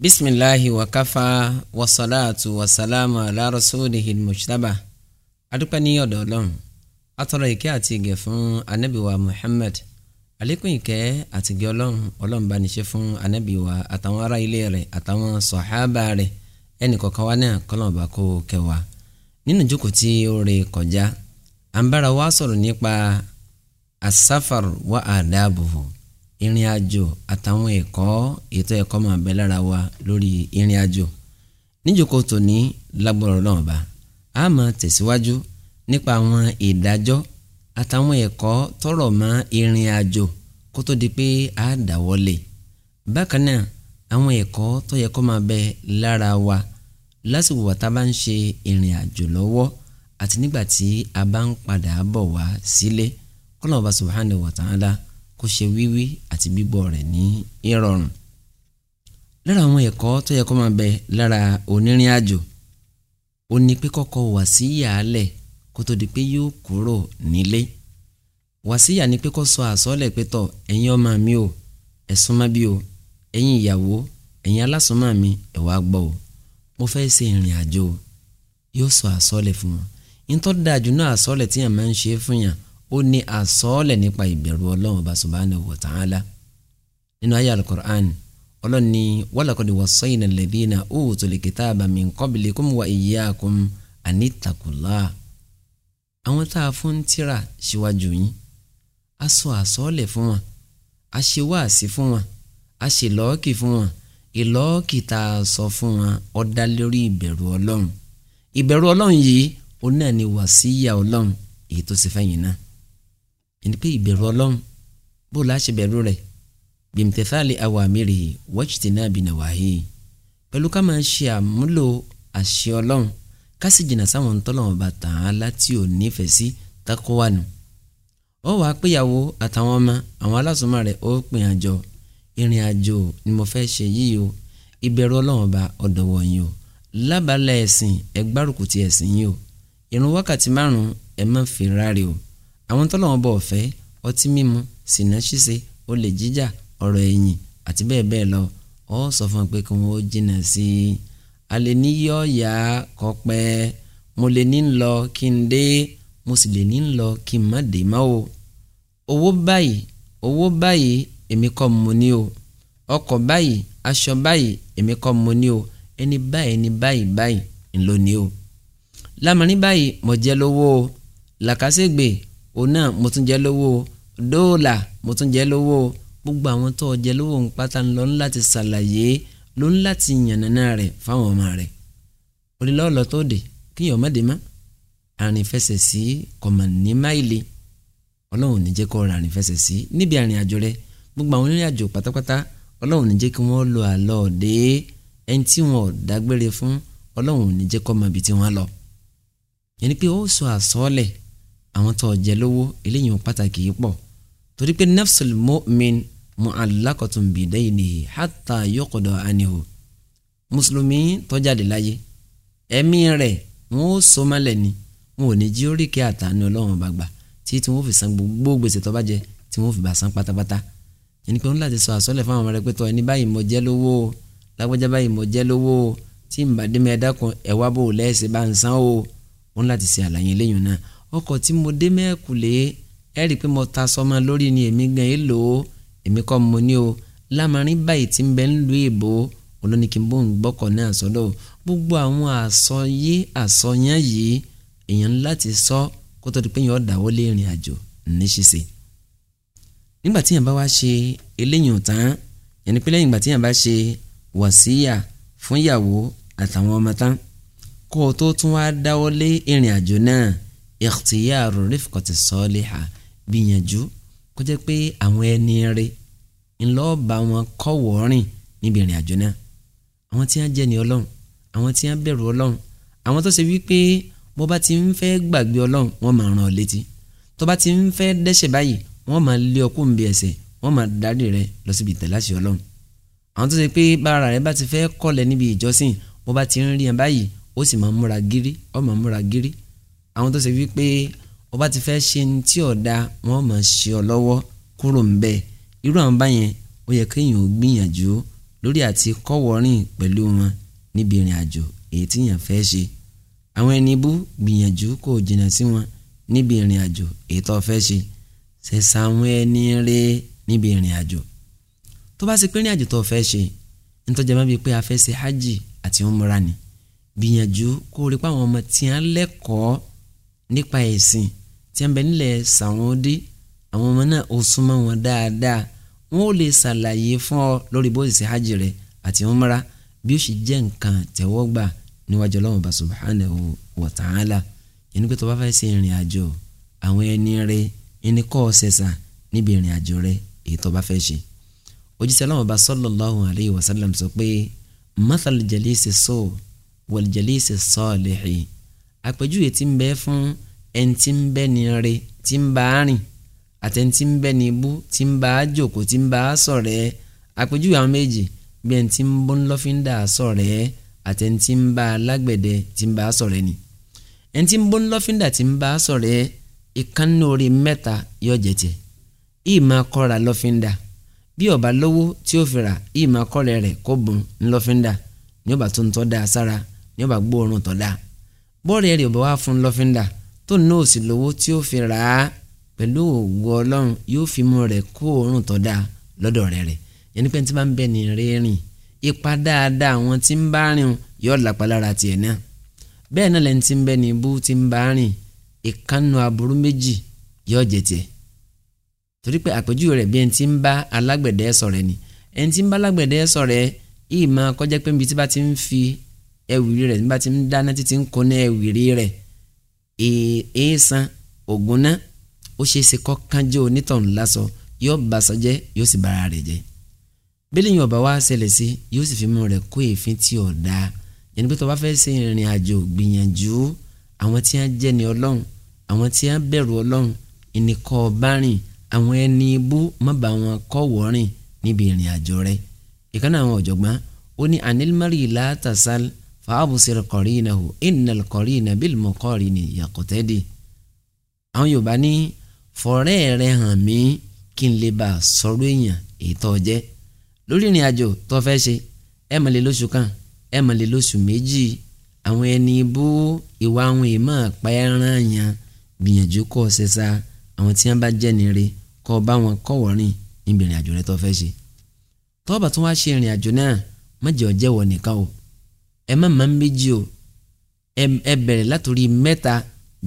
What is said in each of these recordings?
bisimilahi wa kafa wa salatu wa salamu ala rasulihi mujtaba adúpẹ́ ní ọ̀dọ̀ Ọlọ́run atọrọ ìkẹ́ àti ìgẹ̀ fún ànábì wa Muhammad àlékún ìkẹ́ àti ìgẹ̀ Ọlọ́run Ọlọ́run bá ní ṣe fún ànábì wa àtàwọn ará ilé rẹ̀ àtàwọn sọhábà wa náà kọlọn bá kó kẹwàá nínú ìjókòó tí ó rè kọjá à wa sọ̀rọ̀ nípa asafar wa àdáàbòbò. As ìrìn àjò àtàwọn ẹ̀kọ́ ètò ẹ̀kọ́ máa bẹ lára wa lórí ìrìn àjò níjókòó tòní lágbọ̀rọ̀ náà bá a máa tẹ̀síwájú nípa àwọn ìdájọ́ àtàwọn ẹ̀kọ́ tọrọ mọ́ ìrìn àjò kó tó di pé a dáwọ́lé bákan náà àwọn ẹ̀kọ́ tó yẹ kó máa bẹ lára wa lásìkò wà tá a bá ń ṣe ìrìn àjò lọ́wọ́ àti nígbà tí a bá ń padà bọ̀ wá sílé kọ́nà ọba subhanahu wa ta'ala kó ṣe wíwí àti bíbọ̀ rẹ̀ ní ìrọ̀rùn lára àwọn ẹ̀kọ́ tó yẹ kó máa bẹ lára onírìn àjò ó ní pé kọ́kọ́ wàsíyà alẹ̀ kó tó di pé yóò kúrò nílé wàsíyà ni pé kó sọ àsọ́lẹ̀ pé tọ̀ ẹ̀yin ọmọ mi o ẹ súnmọ́ bí o ẹ̀yin ìyàwó ẹ̀yin alásùnmọ́ mi ẹ wá gbọ́ o mo fẹ́ ṣe ìrìn àjò yóò sọ àsọ́lẹ̀ fún wọn ní tó dáa jù náà àsọ́lẹ̀ tí yàn máa ń ṣe fún yàn ó ní àsọ́ọ̀lẹ̀ nípa ìbẹ̀rù ọlọ́run bá subhanahu wa ta'ala nínú ayé alukur'an ọlọ́run ní walaqad wassayna alladhina utul kitaba min qablikum wa iyyakum anittaqullah àwọn tá a fún tírà síwájú yín a sọ àsọ́ọ̀lẹ̀ fún wọn a ṣe wáàsí fún wọn a ṣe lọ́ọ̀kì fún wọn ìlọ́ọ̀kì tá a sọ fún wọn ó dá lórí ìbẹ̀rù ọlọ́run ìbẹ̀rù ọlọ́run yìí ó náà ní wàsíyà ọlọ́run èyí ẹni pé ìbẹ̀rù ọlọ́run bó la ṣe bẹ̀rù rẹ̀ bimtithali awamirihi wajtinabi nawahihi pẹ̀lú ká máa ṣe àmúlò àṣẹ ọlọ́run ká sì jìnnà sáwọn ntọ́lọ́wọ́n bá tàn án láti ò nífẹ̀ẹ́ sí takuwanu ó wàá péyàwó àtàwọn ọmọ àwọn alásùnmọ́ rẹ̀ ó pin àjọ ìrìn àjò ni mo fẹ́ ṣe yìí o ìbẹ̀rù ọlọ́run ọba ọ̀dọ̀ wọ̀nyí o lábàlẹ̀ ẹ̀sìn ẹgbárùkù ti ẹ̀sìn yìí o ìrun wákàtí márùn-ún ẹ̀ má fi ráre o àwọn tọ́lọ́wọ́n bọ̀ fẹ́ ọtí mímu sìnà ṣíṣe olè jíjà ọ̀rọ̀ ẹ̀yìn àti bẹ́ẹ̀ bẹ́ẹ̀ lọ ọ sọ fún un pé kí wọ́n jìnnà sí i alẹ́ ní yọ̀ọ̀yà kọ́pẹ́ mo lè ní lọ kí n dé mo sì lè ní lọ kí n má dé má o owó báyìí owó báyìí èmi kọ́ mo ní o ọkọ̀ báyìí aṣọ báyìí èmi kọ́ mo ní o ẹni báyìí ẹni báyìí báyìí ńlọ ní o lámarin báyìí mo jẹ́ lówó o òun náà mo tún jẹ lówó dóòlà mo tún jẹ lówó gbogbo àwọn tó jẹ lówó ń pátá ń lọ ń láti ṣàlàyé ló ń láti yànnàná rẹ̀ fáwọn ọmọ rẹ̀ olùlọ́ọ̀lọ́ tó dé kíyàn ọmọdé má àrìnfẹsẹ̀ sí kọ̀mọ̀ ní máìlì ọlọ́run ní jẹ́ kó ra àrìnfẹsẹ̀ sí níbi àrìn àjò rẹ̀ gbogbo àwọn onírìn àjò pátápátá ọlọ́run ní kí wọ́n lọ àlọ́ dé ẹni tí wọn dágbére fún ọlọ́run ní jẹ́ mọ ibi tí wọ́n lọ yẹn ni pé ó sọ àsọ́ọ̀lẹ̀ àwọn tó jẹ lówó eléyìí wọn pàtàkì yìí pọ̀ torí pé nafsul mu'min mu'allaqatun bidaynihi hatta yuqda anhu mùsùlùmí tó láyé ẹ̀mí rẹ̀ wọn ó so ni wọn ò ní jí oríkèé àtàánú ọlọ́run bá gbà tí tí wọn ò fi san gbogbo gbèsè tó bá jẹ tí wọn ò fi bá san pátápátá ẹni pé wọn láti sọ àsọlẹ̀ fún àwọn ọmọ rẹ pé tọ́ ẹni báyìí mo jẹ́ lówó o lágbájá báyìí mo jẹ́ lówó tí ìbàdí mi ẹ̀dá kan ẹ̀wá bò lẹ́sẹ̀ bá ń san o wọn láti ṣe àlàyé lẹ́yìn náà ọkọ̀ tí mo dé mẹ́ẹ̀kùlé ẹ rí i pé mo ta sọmọ lórí ni èmi gan èlò o èmi kọ́ mo ní o lámarin báyìí tí ń bẹ ń lu èbó olóníkìbó ń gbọ́kọ̀ ní àsọdọ̀ gbogbo àwọn àsọyé àsọyán yìí èèyàn láti sọ kó tó di pé yẹn ọ̀ dáwọ́ lé ìrìn àjò níṣìṣe nígbà tí yẹn bá wá ṣe eléyìí tán yẹn ni pé lẹ́yìn ìgbà tí yẹn bá ṣe wàsíyà fún ìyàwó àtàwọn ọmọ tán kó o tó tún wá dáwọ́ lé ìrìn àjò náà ikhtiyaru rifqati saliha gbìyànjú kó jẹ́ pé àwọn ẹni rẹ ńlọ́ọ̀bà wọn kọ́wọ́ rìn níbi ìrìn àjò náà àwọn tí wọ́n jẹ́ ni ọlọ́run àwọn tí wọ́n bẹ̀rù ọlọ́run àwọn tó ṣe wípé bó bá ti ń fẹ́ gbàgbé ọlọ́run wọ́n máa ràn ọ́ létí tó bá ti ń fẹ́ dẹ́ṣẹ̀ báyìí wọ́n máa lé ọkú ń bí ẹsẹ̀ wọ́n máa darí rẹ lọ síbi ìtẹ̀láṣẹ ọlọ́run àwọn tó ṣe pé bára rẹ bá ti fẹ́ kọ́lẹ̀ níbi ìjọsìn bó bá ti ń rí ẹ báyìí ó sì máa múra gírí ó máa múra gírí àwọn tó ṣe wípé ọba ti fẹ́ ṣe ní tí ọ̀dà wọn máa ṣe ọ lọ́wọ́ kúrò ń bẹ̀ irú àwọn báyẹn ó yẹ kéèyàn ó gbìyànjú lórí àti kọ́wọ́rìn pẹ̀lú wọn níbi ìrìn àjò èyí tí èèyàn fẹ́ ṣe àwọn ẹni bú gbìyànjú kò jìnnà sí wọn níbi ìrìn àjò èyí tó fẹ́ ṣe ṣe sàwọn ẹni rẹ níbi ìrìn àjò tó bá ṣe pé ìrìn àjò tó fẹ́ ṣe nítorí ẹ̀ma bíi pé a fẹ́ ṣe hajj àti umra ni gbìyànjú kó rí pa àwọn ọmọ tí wọ́n lẹ́kọ̀ọ́ nípa ẹ̀sìn tí a ń bẹ nílẹ̀ Saudi àwọn ọmọ náà ó súnmọ́ wọn dáadáa wọn ò lè ṣàlàyé fún ọ lórí bó ṣe hajj rẹ àti umrah bí ó ṣe jẹ́ nǹkan tẹ̀wọ́gbà níwájú ọlọ́run bá subhanahu wa ta'ala yẹn pé tó bá fẹ́ ṣe ìrìn àjò àwọn ẹni rẹ ẹni kọ́ ọ ṣẹ̀ṣà níbi ìrìn àjò rẹ èyí tó bá fẹ́ ṣe òjíṣẹ́ ọlọ́run bá sallallahu alayhi wa sọ pé mathal jalisi so wal jalisi salihi àpèjúwe ti ń bẹ fún ẹni tí ń bẹ ní re tí ń bá rìn àtẹni tí ń bẹ ní ibú tí ń bá jòkó tí ń bá àpèjúwe àwọn méjì bí ẹni tí ń bó ńlọ́fíńdà ṣọ̀rẹ́ àtẹni tí ń bá alágbẹ̀dẹ tí ń bá ni ẹni tí ń bó ńlọ́fíńdà tí ń bá ìkànnì orí mẹ́ta bí ọba lówó tí ó ìyí máa kọ́ra rẹ̀ kó bùn ńlọ́fíńdà ní ọba tó bọ́ọ̀rẹ́ rẹ̀ bá wá fún lọ́fíńdà tó ní òsì lówó tí ó fi rà á pẹ̀lú òwò ọlọ́run yóò fi mú rẹ̀ kó òórùn tó dáa lọ́dọ̀ rẹ̀ rẹ̀ yẹn ní pé tí bá ń bẹ ní rírìn ipa dáadáa àwọn tí ń bá rìn yóò lápá lára tiẹ̀ náà bẹ́ẹ̀ náà lẹ́ni tí ń bẹ ní ibú tí ń bá rìn ìkànnù aburú méjì yóò jẹ tiẹ̀ torí pé àpèjúwe rẹ̀ bí ẹni tí ń bá alágbẹ̀dẹ sọ̀rẹ́ ni ẹni tí ń bá alágbẹ̀dẹ sọ̀rẹ́ yìí máa kọjá pé níbi tí bá ti ń fi ẹ̀wìrì rẹ̀ nígbà tí ń dáná títí ń kó ní ẹ̀wìrì rẹ̀ èèsàn ògùn náà ó ṣe é ṣe kọ́ kánjọ́ onítọ̀hún lásọ yóò bá sọ jẹ́ yóò sì bára rẹ̀ jẹ́ bẹ́lẹ̀ yìí wa ṣẹlẹ̀ sí yóò sì fi mú rẹ̀ kó èéfín tí ò dáa yẹn ni pé tó bá fẹ́ ṣe ìrìn àjò gbìyànjú àwọn tí wọ́n jẹ́ ni ọlọ́run àwọn tí wọ́n bẹ̀rù ọlọ́run ìníkọ́ bá rìn àwọn ẹni ibú má bá wọn kọ́ wọ́rìn níbi ìrìn àjò rẹ̀ ìkànnì àwọn ọ̀jọ̀gbọ́n ó ní anil mari látàsálì fàábùsìrì qarinahu innal qarina bil muqarini yaqtadi. àwọn yorùbá ní fọ̀rẹ́ rẹ hàn mí kí n lè bá a sọ̀rọ̀ èèyàn ètò ọ̀jẹ́ lórí ìrìn àjò tó fẹ́ ṣe ẹ má lè lóṣù kan ẹ má lè lóṣù méjì àwọn ẹni bú ìwà àwọn èèmọ̀ àpáyárán yẹn gbìyànjú kó o sa àwọn tí wọn bá jẹ́ nire kó o bá wọn kọ́wọ́ rìn níbi ìrìn àjò rẹ tó fẹ́ ṣe tó wá ṣe ìrìn àjò náà má jẹ́ ó nìkan o ẹ má má méjì o ẹ bẹ̀rẹ̀ látòrí mẹ́ta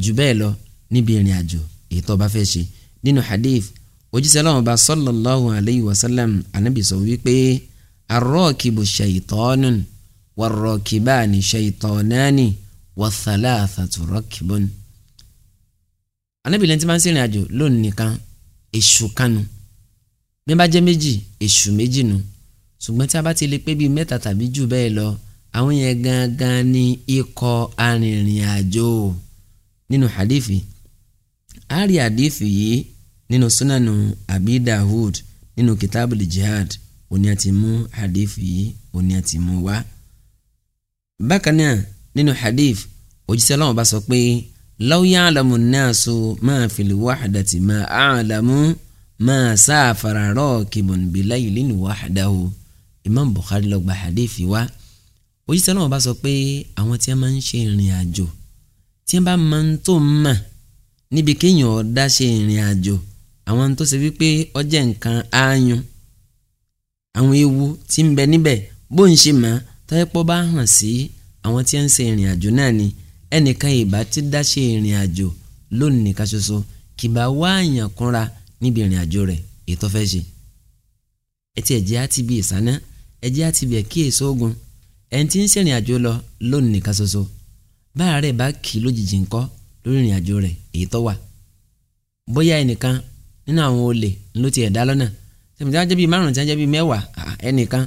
jù bẹ́ẹ̀ lọ níbi ìrìn àjò èyí tó bá fẹ́ ṣe nínú hadith òjíṣẹ́ Ọlọ́run bá sallallahu alayhi wa sallam anabi sọ wípé arrakibu shaytanun warrakibani shaytanani wathalathatu rakibun. anabi lẹ́ntì máa ń sìnrìn àjò lónìí nìkan èṣù kanu bí wọ́n bá jẹ́ méjì èṣù méjì nu ṣùgbọ́n tí a bá ti lè pé bíi mẹ́ta tàbí jù bẹ́ẹ̀ lọ àwọn yẹn gangan ni ikọ̀ arìnrìn-àjò nínú hadithi a rí hadithi yìí nínú sunanu abi dahud nínú kitabul jihad òní àti mú hadithi yìí òní àti mú wá. bákan náà nínú hadith òjíṣẹ́ aláwọ̀ bá sọ pé law ya'lamu an-nasu ma fil wahdati ma a'lamu ma safara rakibun bilaylin wahdahu imam bukhari ló hadithi Wa òjíṣẹ́ náà bá sọ pé àwọn tí wọ́n máa ń ṣe ìrìn àjò tí wọ́n bá máa ń tó mà níbi kéèyàn ọ̀dá ṣe ìrìn àjò àwọn tó ṣe wípé ọjẹ́ nǹkan ááyún àwọn ewu tí ń bẹ níbẹ̀ bó ń ṣe mọ̀ tọ́yẹ́pọ̀ bá hàn sí àwọn tí wọ́n ń ṣe ìrìn àjò náà ni ẹnìkan ìbá ti dá ṣe ìrìn àjò lónìí nìkan ṣoṣo kì bá wá àyàn kúnra níbi ìrìn àjò rẹ̀ ètò fẹ́ ṣe ẹtì ẹ̀jẹ̀ á ti bí ìsáná ẹ̀jẹ̀ á ti bẹ̀ kí èso ogun ẹni tí ń ṣèrìn àjò lọ lónìí nìkan ṣoṣo báyà rẹ̀ bá kì í lójijì ńkọ́ lórí ìrìn àjò rẹ̀ èyí tó wà bóyá ẹnìkan nínú àwọn olè ló ti ẹ̀dá lọ́nà tẹ̀mí tí wọ́n jẹ́ bíi márùn-ún tí wọ́n jẹ́ bíi mẹ́wàá ẹnìkan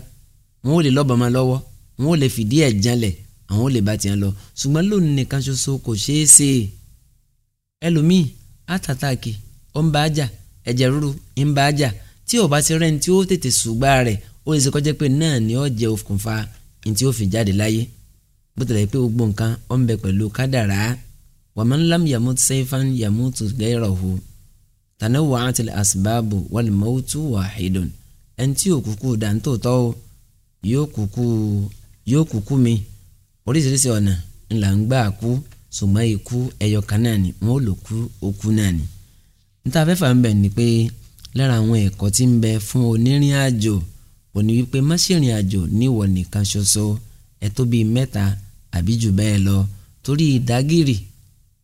wọn ò lè lọ́bàá máa lọ́wọ́ wọn ò lè fìdí ẹ̀ janlẹ̀ àwọn ò lè bá tiẹ̀ lọ ṣùgbọ́n lónìí nìkan ṣoṣo kò ṣeé ṣe ní tí ó fi jáde láyé bó tilẹ̀ pé gbogbo nǹkan ó ń bẹ pẹ̀lú kádàrá waman lam yamut sayfan yamutu ghayruhu tanawwa'atil asbabu wal mawtu wahidun ẹni tí yóò kúkú dàńtòótọ́ o yóò kúkú yóò kúkú mi oríṣiríṣi ọ̀nà ńlá ń gbà kú ṣùgbọ́n ikú ẹyọ kan náà ni wọn lò kú okú náà ni níta fẹ́fà ń bẹ̀ ni pé lára àwọn ẹ̀kọ́ tí ń bẹ fún onírìn àjò òní wípé má ṣe rìn àjò níwọ nìkan ṣoṣo ẹ tó bíi mẹ́ta àbí jù bẹ́ẹ̀ lọ torí ìdágìrì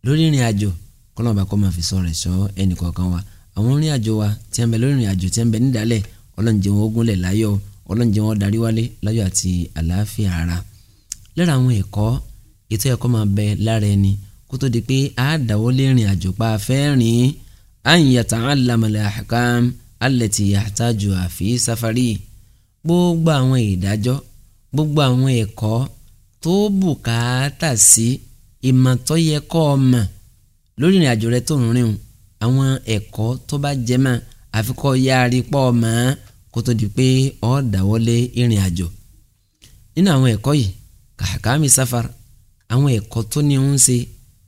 lórí ìrìn àjò kọ́nà bá kọ́ máa fi sọ rẹ̀ sọ ẹnì kọ̀ọ̀kan wa àwọn ìrìn àjò wa tí ń bẹ lórí ìrìn àjò tí ń bẹ nídàálẹ̀ ọlọ́njẹ́ wọn ogunlẹ̀ láyọ̀ ọlọ́njẹ́ wọn darí wálé láyọ̀ àti àlàáfíà ara lára àwọn ẹ̀kọ́ ètò ẹ̀kọ́ máa bẹ lára ẹni kó tó di pé a dáwọ́ lé ìrìn àjò pa afẹ́ rìn an yata'allama al-ahkam allati yahtaju fi safari gbogbo àwọn ìdájọ́ gbogbo àwọn ẹ̀kọ́ tó bùkátà sí ìmọ̀ tó yẹ kọ́ ọ mọ̀ lórí ìrìn àjò rẹ tó ń rìn o àwọn ẹ̀kọ́ tó bá jẹ́ mọ́ àfikọ́ yaari pọ̀ mọ́ kó tó di pé ọ́ dáwọ́lé ìrìn àjò nínú àwọn ẹ̀kọ́ yìí kàkàmì sáfar àwọn ẹ̀kọ́ tó ní ń ṣe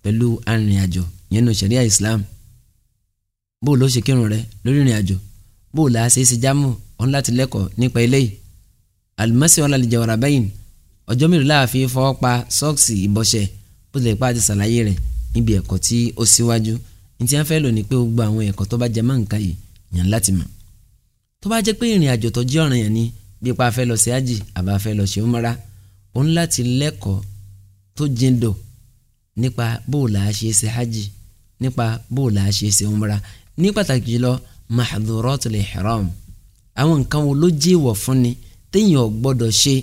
pẹ̀lú arìnrìn àjò yẹn nù sẹ̀ríà Islam bó ló ṣe kírun rẹ lórí ìrìn àjò bó o là á ṣe é ṣe jámù ọ̀hún láti lẹ́kọ̀ọ́ nípa eléyìí alimọ́sí ọ̀la lè jẹun rabain ọjọ́ mélòó láàfin fọwọ́ pa sọ́ọ̀sì ìbọ̀ṣẹ̀ bó tilẹ̀ pa àti ṣàlàyé rẹ̀ níbi ẹ̀kọ́ tí ó síwájú ní tí wọ́n fẹ́ lò ní pé gbogbo àwọn ẹ̀kọ́ tó bá jẹ mọ́ nǹkan yìí yàn láti mọ̀ tó bá jẹ́ pé ìrìn àjò tó jẹ́ ọ̀ràn yẹn ni bí pa afẹ́ lọ sí ájì àbá afẹ́ lọ sí umara òun láti lẹ́kọ̀ọ́ tó jindò nípa bóòlà àṣeéṣe ájì nípa bóòlà àṣeéṣe umara ní pàtàkì jùlọ mahdhuratul ihram àwọn nǹkan wo ló jẹ́ ìwọ̀ fún ni téèyàn ò gbọ́dọ̀ ṣe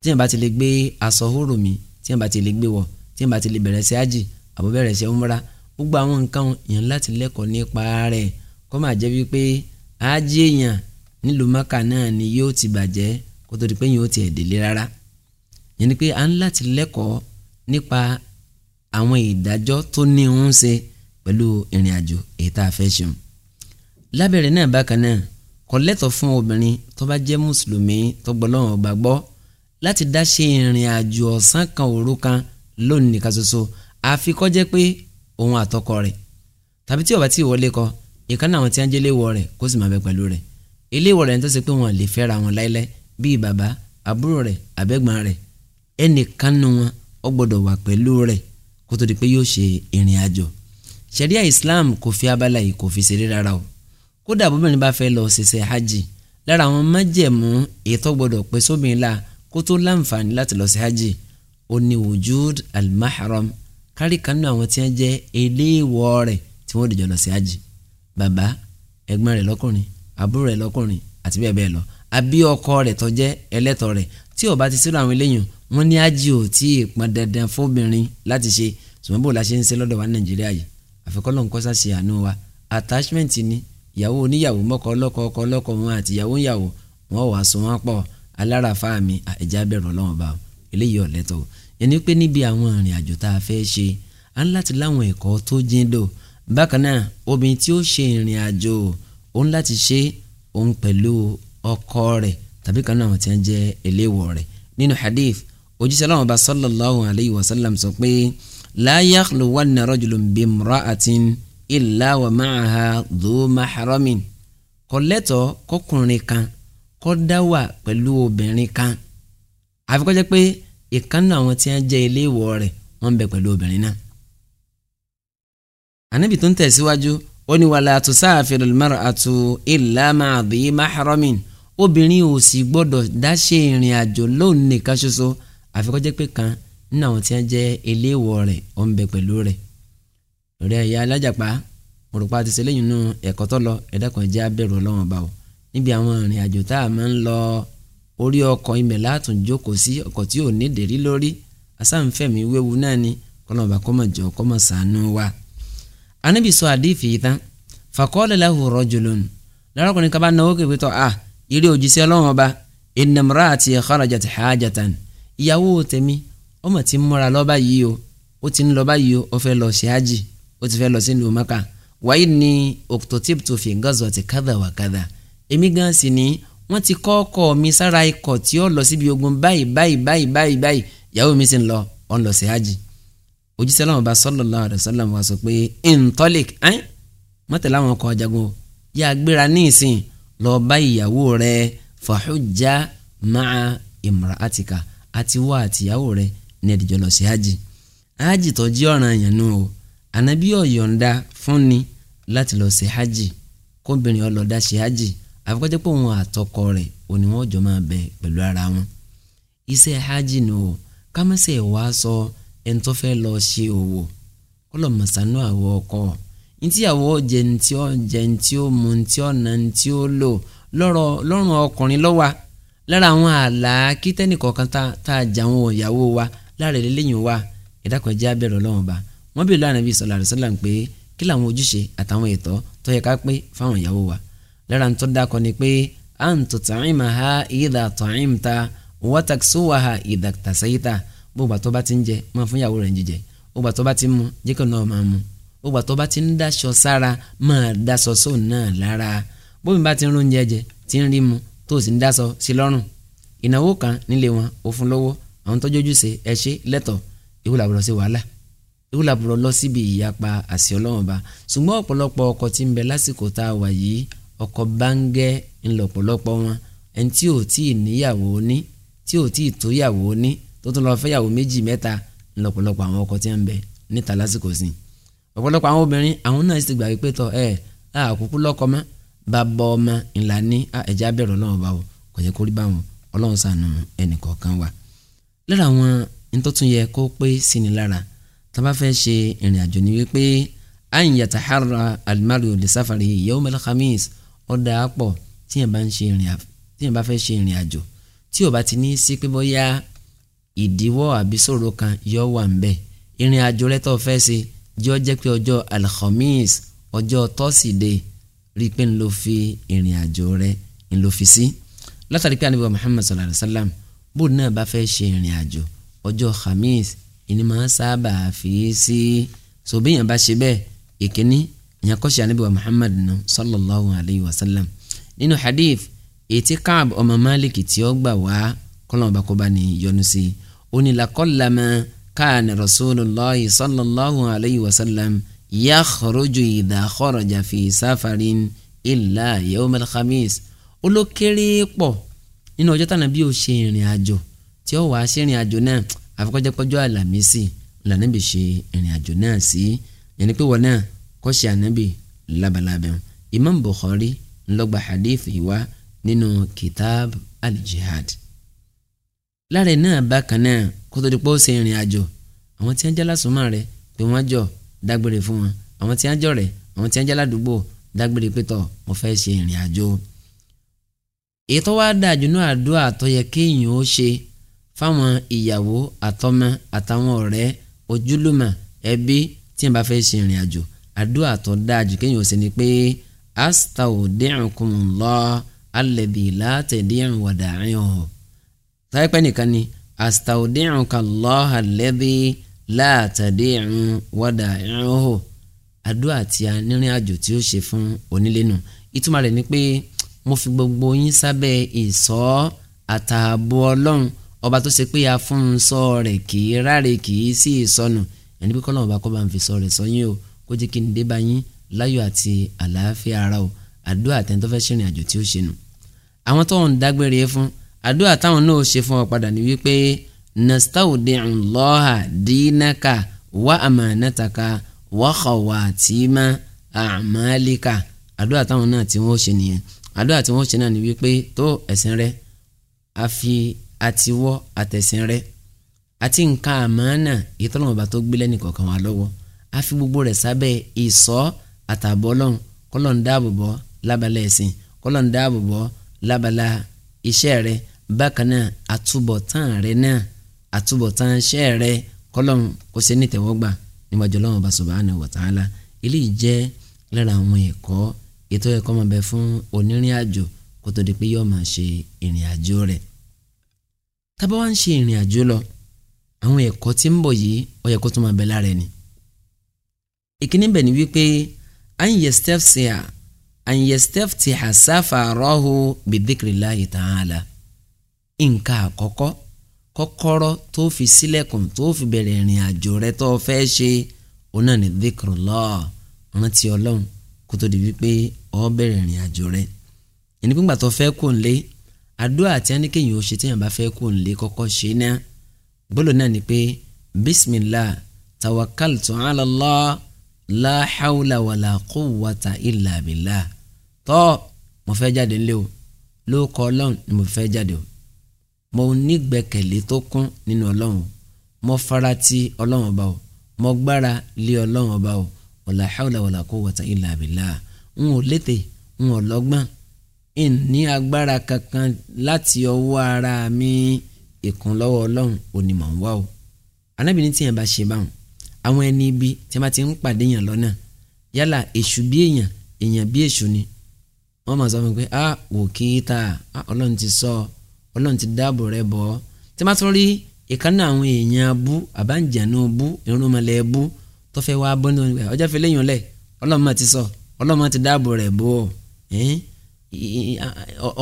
téèyàn bá ti lè gbé aṣọ hóró mi téèyàn bá ti lè gbé wọ̀ téèyàn bá ti lè bẹ̀rẹ̀ sí ájì àbọ̀ bẹ̀rẹ̀ sí umra gbogbo àwọn nǹkan yẹn láti lẹ́kọ̀ọ́ nípa rẹ̀ kó má jẹ́ wípé ájì èèyàn nílùú maka náà ni yóò ti bàjẹ́ kó tó di pé yóò ti ẹ̀dẹ̀lé rárá yẹn ni pé à ń láti lẹ́kọ̀ọ́ nípa àwọn ìdájọ́ tó ní ń ṣe pẹ̀lú ìrìn àjò èyí tá a fẹ́ ṣeun lábẹ́rẹ́ náà bákan náà kò lẹ́tọ̀ fún obìnrin tó bá jẹ́ mùsùlùmí tó gbọ́ lọ́wọ́ gbàgbọ́ láti dá ṣe ìrìn àjò ọ̀sán kan òru kan lónìí nìkan ṣoṣo àfi kó jẹ́ pé òun àtọkọ rẹ̀ tàbí tí ó bá ti wọlé kọ ìkànnì àwọn tí wọ́n jẹ́ léwọ rẹ̀ kó sì máa bẹ pẹ̀lú rẹ̀ eléwọ rẹ̀ ń tó ṣe pé wọ́n lè fẹ́ra wọn láíláí bíi bàbá àbúrò rẹ̀ àbẹ́gbọ́n rẹ̀ ẹnìkan nu wọn ó gbọ́dọ̀ wà pẹ̀lú rẹ̀ kó tó di pé yóò ṣe ìrìn àjò ṣẹ̀ríà Islam kò fi abala yìí kò fi ṣeré rárá o kódà bóbìnrin bá fẹ́ lọ ṣiṣẹ́ hajj lára àwọn májẹ̀mú ètò gbọ́dọ̀ pé sóbìnrin la kó tó láǹfààní láti lọ sí hajj ó ní wujud al-mahram kárí kan nínú àwọn tí wọ́n jẹ́ eléèwọ̀ rẹ̀ tí wọ́n dìjọ́ lọ sí hajj bàbá ẹ̀gbọ́n rẹ̀ lọ́kùnrin àbúrò rẹ̀ lọ́kùnrin àti bẹ́ẹ̀ bẹ́ẹ̀ lọ àbí ọkọ rẹ̀ tó jẹ́ ẹlẹ́tọ̀ rẹ̀ tí ó ti sílò àwọn eléyìn wọ́n ní hajj ò tí ì pọn dandan fóbìnrin láti ṣe ṣùgbọ́n bó la ṣe ń ṣe lọ́dọ̀ wa ní Nàìjíríà yìí àfikọ́ lóun kọ́sà ṣe àánú wa attachment ni ìyàwó oníyàwó mọ́kọ ọlọ́kọ ọkọ ọlọ́kọ wọn àti ìyàwó ìyàwó wọn wàá so wọn pọ̀ alárafa mi ẹ̀já bẹ̀rù ọlọ́wọ́n bá eléyìí ọ̀lẹ́tọ̀ ẹni pé níbi àwọn ìrìn àjò tá a fẹ́ ṣe á ń láti láwọn ẹ̀kọ́ tó jín dò bákan náà obìnrin tí ó ṣe ìrìn àjò òun láti ṣe òun pẹ̀lú ọkọ rẹ̀ tàbí kan náà tí wọ́n jẹ́ eléwọ̀ rẹ̀ nínú hadith òjíṣẹ́ aláwọ̀ bá sallallahu alayhi wa sallam sọ pé la yakhlu wanna rajulun bimra'atin illa wa ma'aha dhu mahramin kò lẹ́tọ̀ kọkùnrin kan kó dá wà pẹ̀lú obìnrin kan àfi kó jẹ́ pé ìkànnì àwọn tí wọ́n jẹ́ ilé ìwọ̀ rẹ̀ wọ́n ń bẹ pẹ̀lú obìnrin náà. ànábì tó ń tẹ̀síwájú ó ní wala tusafiru al-mar'atu illa ma'a dhi mahramin obìnrin ò sì gbọ́dọ̀ dáṣe ìrìn àjò lóun nìkan ṣoṣo àfi pé kan nínú àwọn tí wọ́n jẹ́ ilé ìwọ̀ rẹ̀ wọ́n bẹ pẹ̀lú rẹ̀ rẹ ẹ̀yà alájàpá òrùpa ti ṣe lẹ́yìn inú ẹ̀kọ́ tó lọ ẹ̀dá kan jẹ́ abẹ́rù ọlọ́wọ́n bá o níbi àwọn ìrìn àjò tá a máa ń lọ orí ọkọ̀ ibẹ̀ látùn jókòó sí ọkọ̀ tí ò ní dèrí lórí asáǹfẹ̀mí wéwu náà ni kọlọ́ọ̀bà kọ́mọ̀ jọ kọ́mọ̀ sànú wa. anábì sọ àdìfì yìí tán fàkọ́ọ́lẹ̀ láhùn rọ́jòlón lọ́rọ́kùnrin kaba náwó kékeré a ah, eré òjíṣẹ́ ọlọ́wọ́n ọba ìnàmúra àti kharajat hajatan ìyàwó tèmi ọmọ ti ń múra lọ́ba yìí o ó ti ń lọ́ba yìí o ó ti fẹ́ lọ sínú maka wáyé ni octotip tó fi gazọ ti kádà wà kádà èmi gan sì ni wọ́n ti kọ́ ọkọ mi sára ikọ̀ tí ó lọ síbi ogun báyìí báyìí báyìí báyìí báyìí ìyàwó mi sì ń lọ ọ̀ ń lọ sí hajj òjíṣẹ́ lọ́wọ́ bá sallallahu alaihi wasallam wa sọ pé ntọ́lẹ̀k ẹ́n mọ́tẹ́ láwọn ọkọ̀ ọ̀jagun yà á gbéra ní ìsìn lọ bá ìyàwó rẹ fàhùjá máa ìmọ̀ràn àtìkà àti wá àtìyàwó rẹ ní ẹ̀dìjọ́ lọ sí hajj hajj tó jí ọ̀ràn yẹn nù o ànábì ọ̀yọ̀ǹda fúnni láti lọ ṣe hajj kóbìnrin ọlọ́dà ṣe hajj àfikọ́jẹ́ pé òun àtọkọ rẹ̀ òní wọn jọ máa bẹ pẹ̀lú ara wọn. iṣẹ́ hajj ni o kámẹ́sẹ̀ wàá sọ ẹni tó fẹ́ lọ ṣe òwò kọlọ̀mọ̀sánú àwọ̀ ọkọ ntí àwọ̀ jẹ ntí ó jẹ ntí ó mu ntí ó na ntí ó lò lọ́rọ̀ lọ́rùn ọkùnrin lọ́wà lára àwọn àlá kí tẹ́nìkọ̀ọ̀kan tá a jà àwọn ìyàwó wa lára eléyìí wa ìdákọ̀ọ́jẹ́ abẹ́rẹ́ ọlọ́run ba wọ́n bèèrè lọ́wọ́ Ànábì sallallahu alaihi wasallam pé kí làwọn ojúṣe àtàwọn ètò tó yẹ ká pé fáwọn ìyàwó wa lára ń tó dákọ ni pé à ń tó tàìmà ha ìdá tàìmta wọ́n taksuwa ha ìdá tàṣẹ́yìtà gbogbo àtọ́ bá ti ń jẹ máa fún ìyàwó rẹ̀ ń jíjẹ gbogbo àtọ́ bá ti ń mu jẹ́kọ̀ náà máa mu gbogbo àtọ́ bá ti ń daṣọ sára máa daṣọ sóun náà lára bóbi bá ti ń rún jẹjẹ ti ń rí mu tó sì ń daṣọ sí lọ́rùn ìnáwó kan nílé wọn òfun lọ́wọ́ àwọn tọ́jú ojúṣe ẹ lẹ́tọ̀ ìwúlò ewu làbúrò lọ síbi ìyapa àṣẹ ọlọ́run ba ṣùgbọ́n ọ̀pọ̀lọpọ̀ ọkọ tí ń bẹ lásìkò tá a wà yìí ọkọ báńgẹ́ ńlọpọ̀lọpọ̀ wọn ẹni tí ò tí ì níyàwó ní tí ò tí ì tóyàwó ní tó tún lọ fẹ́yàwó méjì mẹ́ta ńlọpọ̀lọpọ̀ àwọn ọkọ tí ń bẹ níta lásìkò sí i ọ̀pọ̀lọpọ̀ àwọn obìnrin àwọn náà sì gbà wípé tọ ẹ àkókò lọ́kọ mọ́ bàbá ọmọ ńlá ní ẹ̀já bẹ̀rẹ̀ ọlọ́run tábà fẹ́ ṣe ìrìn àjò ni wípé ayin yatahara almario le safari yawmal khamis ọ̀dà àpọ̀ tí yẹn bá ń ṣe ìrìn àjò tí yẹn bá fẹ́ ṣe ìrìn àjò tí ò bá ti ní sí pé bóyá ìdíwọ́ àbí ṣòro kan yọ wà ń bẹ̀ ìrìn àjò rẹ tó fẹ́ ṣe jọ jẹ́ pé ọjọ́ alhamis ọjọ́ tọ́sídẹ̀ẹ́ rí i pé ń lo fi ìrìn àjò rẹ ń lo fi sí látàrí pé ànábì wa Muhammad sallallahu alayhi wa sallam bóun náà bá fẹ́ ṣe ìrìn àjò ọjọ́ khamis ìní máa sábà fi sí so bí yẹn bá ṣe bẹ́ẹ̀ ìkíní ìyẹn kọ́ṣe ànábì wa Muhammad nù sallallahu alayhi wa sallam nínú hadith ètí Kaab ọmọ Malik tí ó gbà wá kọ́lọ́mọba kó bá ní yọ́nú sí ó ní lakọ́lámà káàní rasulillahi sallallahu alayhi wa sallam yakhruju idha kharaja fi sáfarin illa yawmal khamis ó pọ̀ nínú ọjọ́ tánà bí ó ṣe ìrìn àjò tí ó wàá ṣe ìrìn àjò náà àfikọ́jẹ́pọ́jọ́ àlàmísì lànàbì ṣe ìrìn àjò náà sí ẹni pé wọn náà kọ́ ṣe ànábì labalábẹ́ Imam Bukhari ńlọgba hadith ìwá nínú kitab al-jihad lára náà bákan náà kó tó di pé ó ṣe ìrìn àjò àwọn tí wọ́n jẹ́ lásùnmọ́ rẹ̀ pé wọ́n jọ dágbére fún wọn àwọn tí wọ́n jọ rẹ̀ àwọn tí wọ́n jẹ́ ládùúgbò dágbére pétọ̀ mo fẹ́ ṣe ìrìn àjò èyí tó wá náà àdúrà tó yẹ kéèyàn ó ṣe fáwọn ìyàwó àtọmọ àtàwọn ọ̀rẹ́ ojúlùmọ̀ ẹbí tí wọ́n bá fẹ́ ṣe ìrìn àjò àdúrà tó dáa jù kéèyàn ṣe ni pé astaudi'ukumullah alladhi la tadi'u wada'ahu táyẹ̀pẹ́ nìkan ni astaudi'ukallah alladhi la tadi'u wada'ahu àdúrà tí a nírìn àjò tí ó ṣe fún onílé nù ìtumọ̀ rẹ̀ ni pé mo fi gbogbo yín sábẹ́ ìṣọ́ àtààbò ọlọ́run ọba tó ṣe pé a fún un sọ rẹ̀ kì í ráre kì í sì sọnù ẹni pé kọ́lọ́mù bá kọ́ bá ń fi sọ rẹ̀ sọyìn o kó jẹ́ kí n dé bá yín láyọ̀ àti àlàáfíà ara o àdúrà àtẹ̀ntọ́ fẹ́ ṣìrìn àjò tí ó ṣe nù. àwọn tó ń dágbére fún àdúrà táwọn náà ṣe fún ọ padà ní wípé nastaudi'un Allaha dinaka wa amanataka wa khawatima a'malika àdúrà táwọn náà tí wọ́n ṣe nìyẹn àdúrà tí wọ́n ṣe náà ní wípé tó ẹ̀sìn rẹ̀ àtiwọ́ àtẹ̀sìn rẹ àti nǹkan àmọ́nà ìtọ́lọ́wọ́n bá tó gbélé nìkọ̀ọ̀kan wà lọ́wọ́ á fi gbogbo rẹ̀ sábẹ́ ìsọ́ àtàbọ́lọ́n kọ́lọ́n dáàbòbọ́ lábala ẹ̀sìn kọ́lọ́n dáàbòbọ́ lábala iṣẹ́ rẹ bákan náà àtúbọ̀tán rẹ náà àtúbọ̀tán iṣẹ́ rẹ kọ́lọ́n kò sí ní tẹ̀wọ́gbà níwájú ọlọ́wọ́n bá subhanahu ilé ìjẹ́ lára àwọn ẹ̀kọ́ ètò ẹ̀kọ́ máa bẹ fún onírìn àjò kó di pé yóò máa ṣe ìrìn àjò rẹ̀ tábà wá ń ṣe ìrìn àjò lọ àwọn ẹ̀kọ́ tí ń bọ̀ yìí ó yẹ kó tún máa bẹ lára ẹni. ìkíní bẹ̀ ni wípé anyestefsia anyesteftia sáfàrọ́hù bìdíkìrìláyì la, nǹkan àkọ́kọ́ kọ́kọ́rọ́ tó fi sílẹ̀kùn tó fi bẹ̀rẹ̀ ìrìn àjò rẹ tó fẹ́ ṣe òun náà ní dìkìrìlọ́ rántí ọlọ́run kó tó di wípé ó bẹ̀rẹ̀ ìrìn àjò rẹ ẹni pé àdúrà tí a ní kéèyàn ó ṣe téèyàn bá fẹ́ kó nílé kọ́kọ́ ṣe náà gbọ́dọ̀ náà ni pé bismillah tawakkaltu ala Allah la hawla wala quwwata illa billah tọ́ mo fẹ́ jáde ńlẹ́ o lóòkọ ọlọ́run ni mo fẹ́ jáde o mo nígbẹ́kẹ̀lé tó kún nínú ọlọ́run mo farati ọlọ́run ọba o mo gbára lé ọlọ́run ọba o wala hawla wala quwwata illa billah n ò létè n ò lọ́gbọ́n ń ní agbára kankan láti ọwọ́ ara mi ìkun lọ́wọ́ ọlọ́run òní mọ̀ ń wá o anábìrin tí yẹn bá ṣe báwọn àwọn ẹni ibi tí wọ́n ti ń pàdé yẹn lọ́nà yálà èṣù bí èèyàn èèyàn bí èṣù ni wọ́n máa sọ fún mi pé ah wò kí ta ah, ọlọ́run ti sọ ọlọ́run ti dáàbò rẹ bọ́ tí wọ́n tún rí ìkànnì àwọn èèyàn abú àbájánu bú irunmọlẹ̀ bú tó fẹ́ wá bọ́ ní ọjà fẹ́ lẹ́yìn ọlẹ́ ọlọ́run ti sọ ọlọ́run ti dáàbò rẹ bọ́ ẹ́ẹ́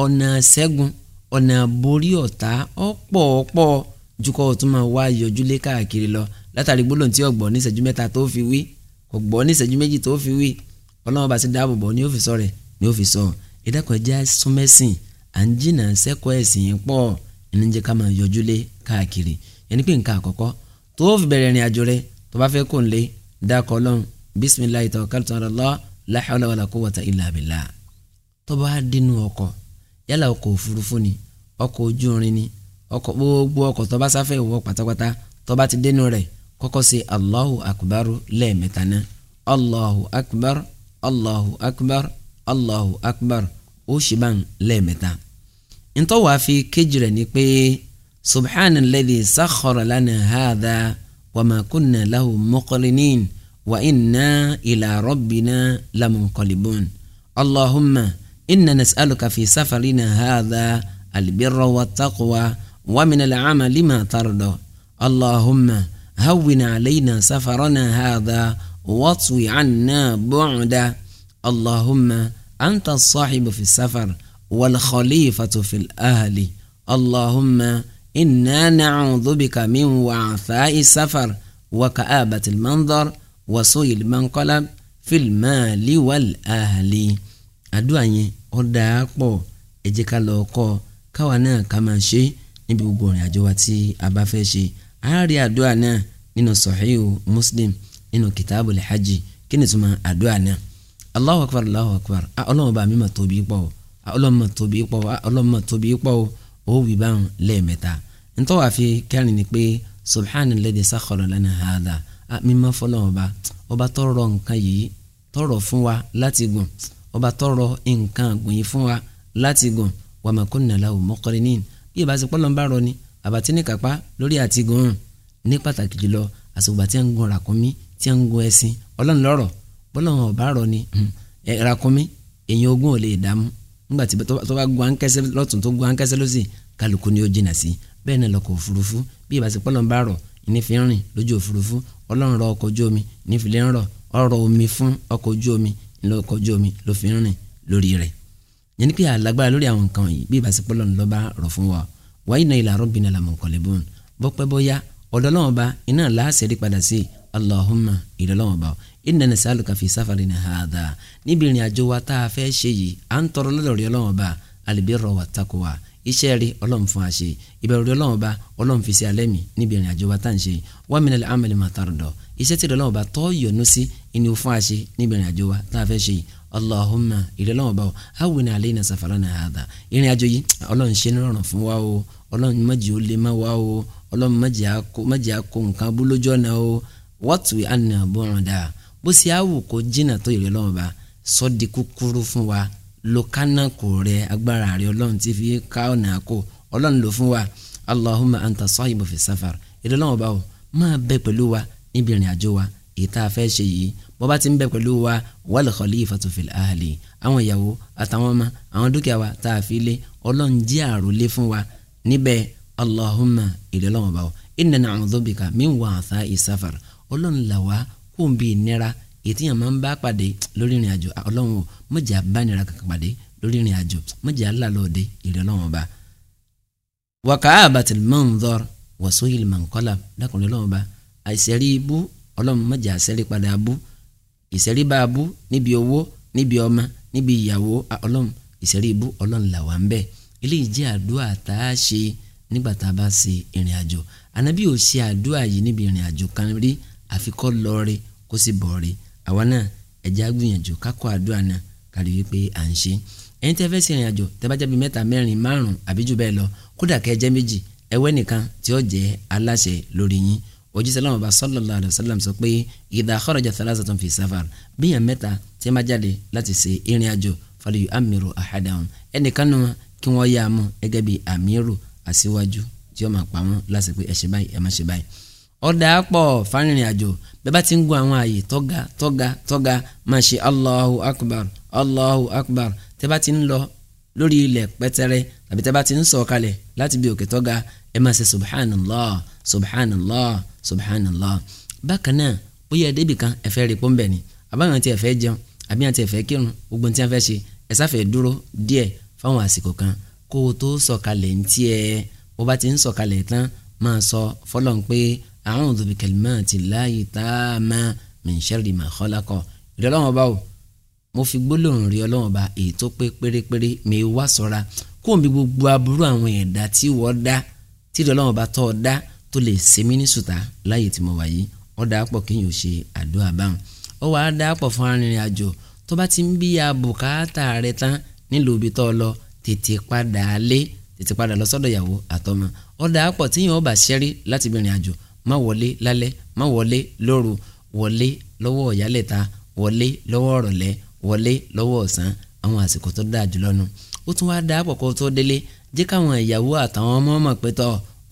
ọ̀nà ṣẹ́gun ọ̀nà borí ọ̀tá ọ̀pọ̀ ọ̀pọ̀ jukọ̀ ọ̀tún máa wá yọjúlé káàkiri lọ látàrí gbólóhùn tí ọ̀gbọ́n ní ìṣẹ́jú mẹ́ta tó fi wí ọ̀gbọ́n ní ìṣẹ́jú méjì tó fi wí ọlọ́run bá ti dáàbò bọ̀ ní òfìsọ rẹ̀ ní òfìsọ ìdákọ̀ ẹja súnmẹ́sìn à ń jìnnà sẹ́kọ̀ọ́ ẹ̀sìn pọ̀ ẹni jẹ́ ká máa yọjúlé káàkiri ẹni pé nǹkan àkọ́kọ́ tó fi bẹ̀rẹ̀ ìrìn àjò rẹ tó bá fẹ́ kó ń lé dákọ̀ ọlọ́run bisimilayi tawakkaltu ala Allah la hawla wala quwwata illa billah tó bá dínú ọkọ̀ yálà ọkọ̀ òfurufú ni ọkọ̀ ojú irin ni ọkọ̀ gbogbo ọkọ̀ tó bá sáfẹ́ ìwọ pátápátá tó bá ti dínú rẹ̀ kọ́kọ́ ṣe allahu akbar lẹ́ẹ̀mẹ́ta náà allahu akbar allahu akbar allahu akbar ó ṣe bá ń lẹ́ẹ̀mẹ́ta. ntọ́wàá fi kéjì rẹ̀ ni pé subhana lẹ́dí sakhara lana hadha wàmà kunna lahu muqrinin wa inna ila rabbina lamunqalibun allahumma. إن نسألك في سفرنا هذا البر والتقوى ومن العمل ما ترضى اللهم هون علينا سفرنا هذا واطوي عنا بعدا اللهم أنت الصاحب في السفر والخليفة في الأهل اللهم إنا نعوذ بك من وعثاء السفر وكآبة المنظر وسوء المنقلب في المال والأهل àdúrà ọ̀dà pọ̀ ẹ jẹ́ ká lọ kọ́ káwa náà ká máa ṣe níbi gbogbo ìrìn àjò wa tí a bá fẹ́ ṣe àárí àdúrà náà nínú Sahihu Muslim nínú kìtàbù al-hajj kí ni túmọ̀ àdúrà náà Allahu akbar Allahu akbar ọlọ́run bá mi mà tóbi pọ̀ ọlọ́run mà tóbi pọ̀ ọlọ́run mà tóbi pọ̀ ó wí báwọn lẹ́ẹ̀mẹ́ta ntọ́wà fi kẹrin ni pé subhanalladhi sakhkhara lana hadha mímọ́ fọlọ́run ọba ọba tọrọ nǹkan yìí tọrọ fún wa láti gùn ọba tọrọ nǹkan àgùn yìí fún wa láti gùn wa ma kunna lahu muqrinin bí ìbá ṣe pọ́ lọ́nba rọ ni àbàtí ní kápá lórí àti gùn ní pàtàkì jùlọ àsùgbà tí a ń gun ràkúnmí tí a ń gun ẹṣin ọlọ́run lọ́rọ̀ bọ́lọ́run ọ̀bá rọ ni ràkúnmí èèyàn ogún ò lè dààmú nígbà tí tó bá gun ankẹ́sẹ́ lọ́tún tó gun ankẹ́sẹ́ lọ́sì kálukú ni ó jìnà sí bẹ́ẹ̀ náà lọkọ̀ òfurufú bí ìbá pọ́ lọ́nba rọ ní fi rìn lójú òfurufú ọlọ́run rọ ọkọ̀ ojú omi ní fi lè rọ ọrọ̀ omi fún ọkọ̀ ojú omi lọ́kọ̀ ojú omi ló fi ń rìn lórí rẹ̀ yẹn ni pé alágbára lórí àwọn nǹkan yìí bí ìbáṣepọ̀ lọ́nà lọ́ba rọ̀ fún wa wáyé náà ila rabbina lamunqalibun bọ́pẹ́ bóyá ọ̀dọ̀ Ọlọ́hun Ọba iná láàṣẹ́rí padà sí Allahumma ìdọ́lọ́wọ́n Ọba inna nas'aluka fi safarina hadha níbi ìrìn àjò wa tá a fẹ́ ṣe yìí à ń tọrọ lọ́dọ̀ rí Ọlọ́hun Ọba al-birra wa iṣẹ́ tí ìrọ̀lọ́wọ́ bá tọ́ yọ̀nú sí ni o fún àṣe níbi ìrìn àjò wa tá a fẹ́ ṣe yìí Allahumma ìrọ̀lọ́wọ́ bá o awùn ní alẹ́ iná sàfàlà náà àdá ìrìn àjò yìí ọlọ́run ṣe ní rọrùn fún wa o ọlọ́run má jẹ́ ó lè má wa o ọlọ́run má jẹ́ á kó nǹkan bú lójú ọ̀nà o wọ́tù àná bọ́ràn dáa bó ṣe àwò kó jìnnà tó ìrọ̀lọ́wọ́ bá sọ kúkúrú fún wa lo kánákò rẹ agbára rẹ ọlọ́run ti fi ká ọ̀nà àkó ọlọ́run lò fún wa Allahumma anta sahibu fi safar ìrọ̀lọ́wọ́ bá o máa bẹ pẹ̀lú wa níbi ìrìn àjò wa èyí tá a fẹ́ ṣe yìí bó bá ti ń bẹ pẹ̀lú wa wal khalifatu fil ahli àwọn ìyàwó àtàwọn ọmọ àwọn dúkìá wa tá a fi lé ọlọ́run jẹ́ àròlé fún wa níbẹ̀ allahumma ìrẹ́lọ́wọ̀n bá wọ inna na'udhu bika min wa'tha'i safar ọlọ́run là wá kó n bí ìnira ètí yàn máa ń bá pàdé lórí ìrìn àjò ọlọ́run o mọ̀jà bá nira kankan pàdé lórí ìrìn àjò mọ̀jà lálọ́ọ̀dẹ ìrẹ́lọ́wọ̀n bá. wa ka'abatil manzar wa su'il manqalab lákùnrin lọ́wọ́n bá àìsẹ̀rí ibú ọlọ́run má jẹ́ àṣẹ́rí padà bú ìṣẹ́rí bá a bú níbi owó níbi ọmọ níbi ìyàwó ọlọ́run ìṣẹ́rí ibú ọlọ́run là wà ń bẹ̀ eléyìí jẹ́ àdúrà tá a ṣe nígbà tá a bá ṣe ìrìn àjò ànábì ò ṣe àdúrà yìí níbi ìrìn àjò kan rí àfikọ́ lọ́ọ̀rẹ́ kó sì bọ̀ọ̀rẹ́ àwa náà ẹ̀já gbìyànjú kákọ́ àdúrà náà kárí wípé à ń ṣe ẹ̀yin tẹ́ fẹ́ sí ìrìn àjò tẹ́ bá jẹ́ bí mẹ́ta mẹ́rin márùn-ún àbí jù bẹ́ẹ̀ lọ kódà kẹ́ jẹ́ méjì ẹ̀wẹ́ nìkan tí ó jẹ́ aláṣẹ lórí yín òjíṣẹ́ lọ́wọ́ bá sallallahu alaihi wasallam sọ pé idha kharaja thalathatun fi safar bíyàn mẹ́ta tí ẹ má jáde láti ṣe ìrìn àjò fàlùyù amíru ahadahum ẹnìkan nù kí wọ́n yá a mú gẹ́gẹ́ bí amíru aṣíwájú tí ó máa pa wọ́n láti pé ẹ báyìí ẹ má ṣe báyìí. ọ̀dà pọ̀ fárìnrìn àjò bẹ́ẹ̀ bá ti ń gun àwọn ààyè tọ́ga tọ́ga tọ́ga máa ṣe subhanallah subhanallah subhanallah bákan náà bóyá ẹ débì kan ẹ fẹ́ rí pọ́ńbẹ̀ ni àbáyọ̀ tí ẹ fẹ́ jẹun àbí àti ẹ fẹ́ kírun gbogbo tí a fẹ́ ṣe ẹ sáfẹ́ dúró díẹ̀ fáwọn àsìkò kan kó o tó sọ̀kalẹ̀ ń tiẹ̀ bó bá ti ń sọ̀kalẹ̀ tán máa sọ fọlọ́n pé a'udhu bi kalimati llahi taama min sharri ma khalaqa ìdí ọlọ́wọ́n bá o mo fi gbólóhùn rí ọlọ́wọ́n bá èyí tó pé pérépéré mi wá sọ́ra kó o mi gbogbo aburú àwọn ẹ̀dá tí wọ́n dá tí ìdí ọlọ́wọ́n bá tọ́ ọ dá tó lè ṣe mí ní sùtà láyè tí mo wà yìí ó dáa pọ̀ kéèyàn ò ṣe àdúrà báwọn ó wàá dáa pọ̀ fún arìnrìn àjò tó bá ti ń bí abùkátà rẹ tán nílùú ibi tó lọ tètè padà lé tètè padà lọ sọ́dọ̀ ìyàwó àtọmọ ó dáa pọ̀ tíyàn ó bá ṣẹ́rí láti bìnrin àjò má wọlé lálẹ́ má wọlé lóru wọlé lọ́wọ́ ọ̀yálẹ̀ta wọlé lọ́wọ́ ọ̀rọ̀lẹ́ wọlé lọ́wọ́ ọ̀sán àwọn àsìkò tó dáa jùlọ nu ó tún wáá dáa pọ̀ kó tó délé jẹ́ káwọn ìyàwó àtàwọn ọmọ mọ̀ pé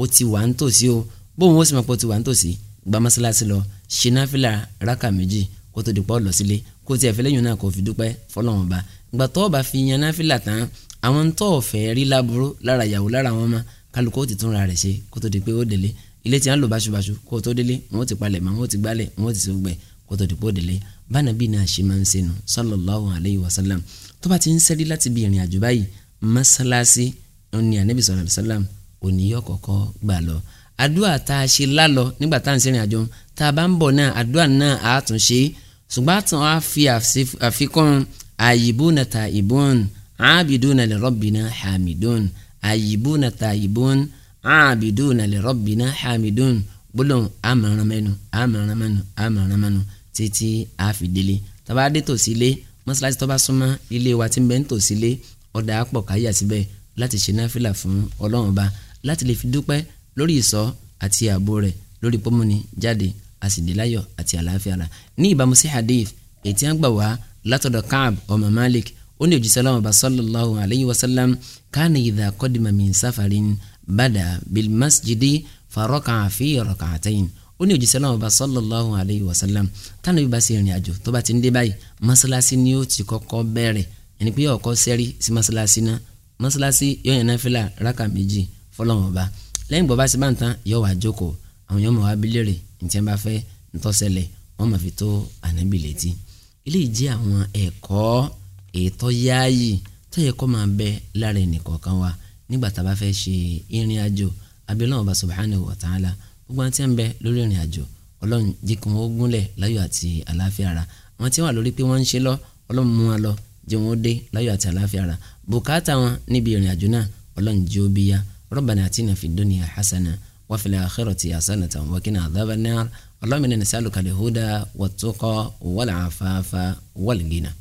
ó ti wà ń tòsí o bóun ó sì máa pọ̀ ti wà ń tòsí gba mọ́sálásí lọ ṣe náfìlà rákà méjì kó tó di pọ́ lọ sílé kó tiẹ̀ fẹ́ lẹ́yìn náà kó fi dúpẹ́ fọlọ́wọn ba ìgbà tó bá fi yan náfìlà tán àwọn tó fẹ́ rí láburú lára ìyàwó lára wọn ma kálukó ti tún ra rẹ̀ ṣe kó tó di pé ó délé ilé tí wọn lò báṣubàṣu kó tó délé wọn ti palẹ̀ mọ́ wọn ti gbálẹ̀ wọn ti sọgbẹ̀ kó tó di pé ó délé bána bí náà ṣe máa ń senu sallallahu alayhi wa sallam tó bá ti ń sẹ́rí láti bí ìrìn àjò báyìí mọ́sálásí ọ̀nì ànábì sallallahu sallam òníyọ́ kọ̀ọ̀kọ́ gbà lọ adua tá a ṣe lálọ nígbà tá à ń ṣèrìn àjò tá a bá ń bọ̀ náà àdúrà náà á tún ṣe ṣùgbọ́n àtàn á fi àfikún àyìbúna tàyìbún àbìdúna li rabbina hamidun àyìbúna tàyìbún àbìdúna li rabbina hamidun gbólóhùn àmọ̀rànmẹ́nu àmọ̀rànmẹ́nu àmọ̀rànmẹ́nu títí àfìdílé tàbá dé tòsí ilé mọ́ṣáláṣí tó bá súnmọ́ ilé wa ti ń bẹ ń tòsí ilé ọ̀dà àpọ̀ káyà síbẹ̀ láti ṣe náfìlà fún ọlọ́run ọba láti lè fi dúpẹ́ lórí ìsọ àti ààbò rẹ̀ lórí pọ́múni jáde àsìdíláyọ̀ àti àlàáfíà rà ní ìbámu sí hadith ètí à ń gbà wá látọ̀dọ̀ Ka'b ọmọ Malik ó ní òjíṣẹ́ ọlọ́run ọba sallallahu alayhi wa sallam kana idha qadima min safarin bada bil masjidi faraka fi rak'atayn ó ní òjíṣẹ́ ọlọ́run ọba sallallahu alayhi wa sallam táwọn ibi bá ṣe ìrìn àjò tó bá ti ń dé báyìí mọ́ṣáláṣí ni ó ti kọ́kọ́ bẹ̀rẹ̀ ẹni pé yóò sẹ́rí sí mọ́ṣáláṣí náà mọ́ṣáláṣí yóò yẹn náà fìlà rákà méjì fọlọ́run ọba lẹ́yìn bọ́ bá ṣe bá ń tán yóò wá jókòó àwọn yóò máa wá bí léèrè ntí wọn bá fẹ́ ntọ́sẹ̀lẹ̀ wọn máa fi tó ànábì létí eléyìí jẹ́ àwọn ẹ̀kọ́ ètò yáàyè tó yẹ kó máa bẹ lára ẹnìkọ̀ọ̀kan wa nígbà tá a bá fẹ́ ṣe ìrìn àjò abilọ́n ọba subhanahu wa ta'ala gbogbo àwọn tí wọn níbi ìrìn àjò náà ọlọ́run jẹ́ ó bíyà ربنا آتنا في الدنيا حسنة وفي الآخرة حسنة وقنا عذاب النار اللهم إنا نسألك الهدى والتقى والعفاف والغنى